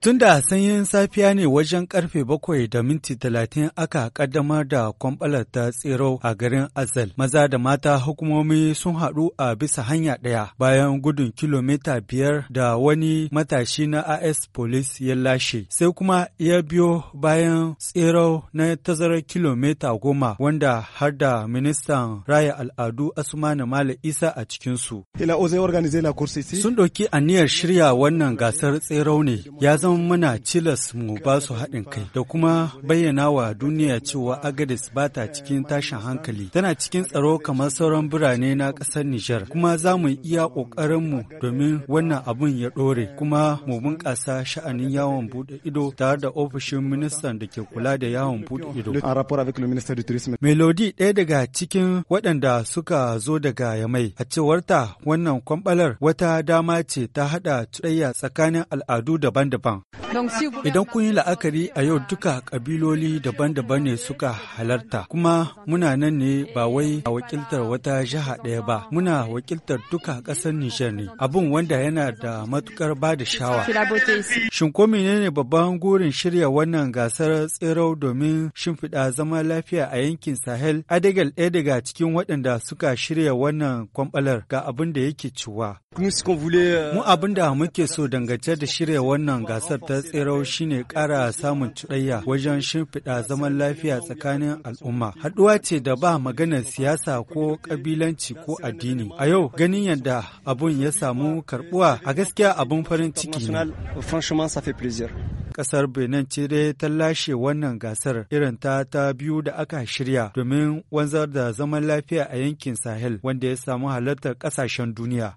Tun da sanyin safiya ne wajen karfe bakwai da minti talatin aka kaddamar da kwambalar ta tsero a garin Azal. Maza da mata hukumomi sun haɗu a bisa hanya ɗaya bayan gudun kilomita biyar da wani matashi na AS Police ya lashe. Sai kuma ya biyo bayan tsero na tazarar kilomita goma wanda har da ministan raya al'adu asumani mali Isa a cikinsu. Sun ɗauki aniyar shirya wani wannan gasar tsero ne ya zama mana cilas mu ba su haɗin kai da kuma bayyana wa duniya cewa agadis ba ta cikin tashin hankali tana cikin tsaro kamar sauran birane na ƙasar Nijar kuma za mu iya mu domin wannan abun ya ɗore kuma mu bunƙasa sha'anin yawon buɗe ido tare da ofishin ministan da ke kula da yawon buɗe ido. Melodi ɗaya daga cikin waɗanda suka zo daga Yamai a cewarta wannan kwamɓalar wata dama ce ta haɗa tsakanin al'adu daban-daban. Idan kun yi la'akari a yau duka kabiloli daban-daban ne suka halarta, kuma muna nan ne ba wai a wakiltar wata jiha ɗaya ba, muna wakiltar duka ƙasar Nijar ne, Abun wanda yana da matukar ba da shawa. Shin ko ne babban gurin shirya wannan gasar tsirau domin shimfiɗa zama lafiya a yankin Sahel? Adagal ɗaya daga cikin waɗanda suka shirya wannan kwamɓalar ga abin da yake ciwa. Euh, Mu abin da muke so dangance da shirya wannan gasar ta tsirau shine ƙara samun cuɗayya wajen shimfiɗa zaman lafiya tsakanin al'umma. Haɗuwa ce da ba magana siyasa ko ƙabilanci ko addini. A yau ganin yadda abun ya samu karɓuwa a gaskiya abun farin ciki ne. kasar benin ce dai ta lashe wannan gasar irin ta ta biyu da aka shirya domin wanzar da zaman lafiya a yankin sahel wanda ya samu halartar ƙasashen duniya